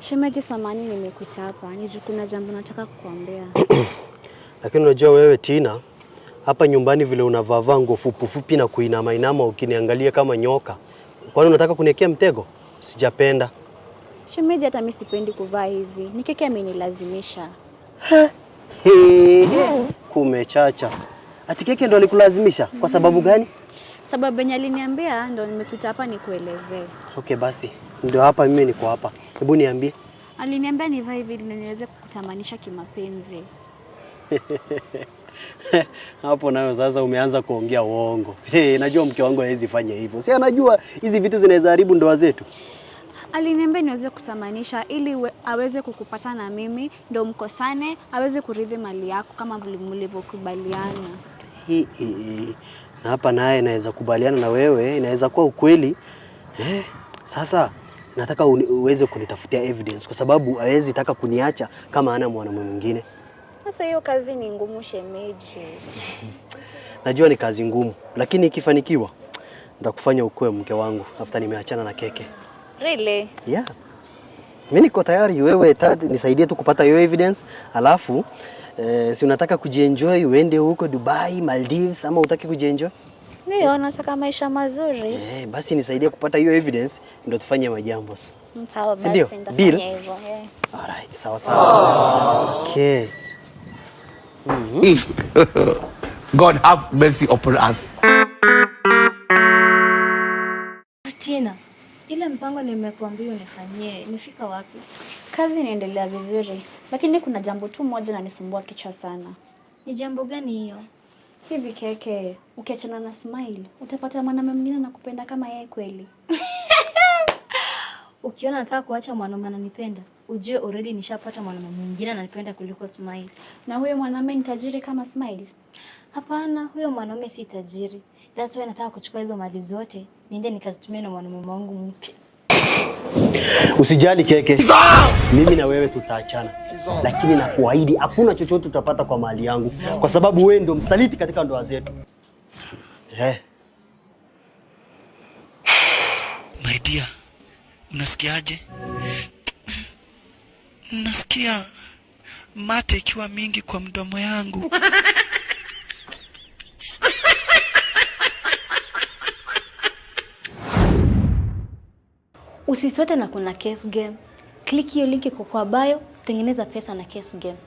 Shemeji, samani nimekuita hapa niju, kuna jambo nataka kukuambia. Lakini unajua wewe Tina, hapa nyumbani vile unavavaa nguo fupi na kuinama inama ukiniangalia kama nyoka, kwani unataka kuniekea mtego? Sijapenda shemeji, hata mimi sipendi kuvaa hivi, ni keke amenilazimisha. Kumechacha ati keke ndo alikulazimisha? Kwa sababu gani? Sababu yenye aliniambia ndo nimekuita hapa nikuelezee. Okay, basi ndio hapa mimi niko hapa. Hebu niambie. Aliniambia nivae hivi ili niweze kukutamanisha kimapenzi. Hapo nayo sasa umeanza kuongea uongo. Hey, najua mke wangu hawezi fanya hivyo. Si anajua hizi vitu zinaweza haribu ndoa zetu. Aliniambia niweze kutamanisha ili we, aweze kukupata na mimi ndo mkosane, aweze kuridhi mali yako kama mlivyokubaliana. Na hapa naye naweza kubaliana na wewe, inaweza kuwa ukweli eh. Sasa nataka uweze kunitafutia evidence kwa sababu hawezi taka kuniacha kama ana mwanamume mwingine. Sasa hiyo kazi ni ngumu shemeji. Najua ni kazi ngumu, lakini ikifanikiwa nitakufanya ukue mke wangu hata nimeachana na Keke. Really? Yeah. Mimi niko tayari, wewe nisaidie tu kupata hiyo evidence, alafu eh, si unataka kujienjoy uende huko Dubai, Maldives ama utaki kujienjoy? Ndio, nataka maisha mazuri. Eh, basi nisaidie kupata hiyo evidence ndio tufanye majambo sasa. Mm, sawa basi nitafanya hivyo. Eh. right, sawa sawa. Oh. Okay. Mm -hmm. God have mercy upon us. Tina, ile mpango nimekuambia unifanyie, imefika wapi? Kazi inaendelea vizuri, lakini kuna jambo tu moja nisumbua kichwa sana. Ni jambo gani hiyo? Hivi Keke, ukiachana na Smile utapata mwanamume mwingine anakupenda kama yeye kweli? Ukiona nataka kuacha mwanamume ananipenda, ujue already nishapata mwanamume mwingine ananipenda kuliko Smile. Na huyo mwanamume ni tajiri kama Smile? Hapana, huyo mwanamume si tajiri. That's why nataka kuchukua hizo mali zote niende nikazitumie na mwanamume wangu mpya. Usijali keke, mimi na wewe tutaachana, lakini nakuahidi hakuna chochote utapata kwa mali yangu, kwa sababu wewe ndio msaliti katika ndoa zetu eh. My dear, unasikiaje? Nasikia mate ikiwa mingi kwa mdomo yangu. Usisote na kuna case game. Click hiyo linki kwa bio, tengeneza pesa na case game.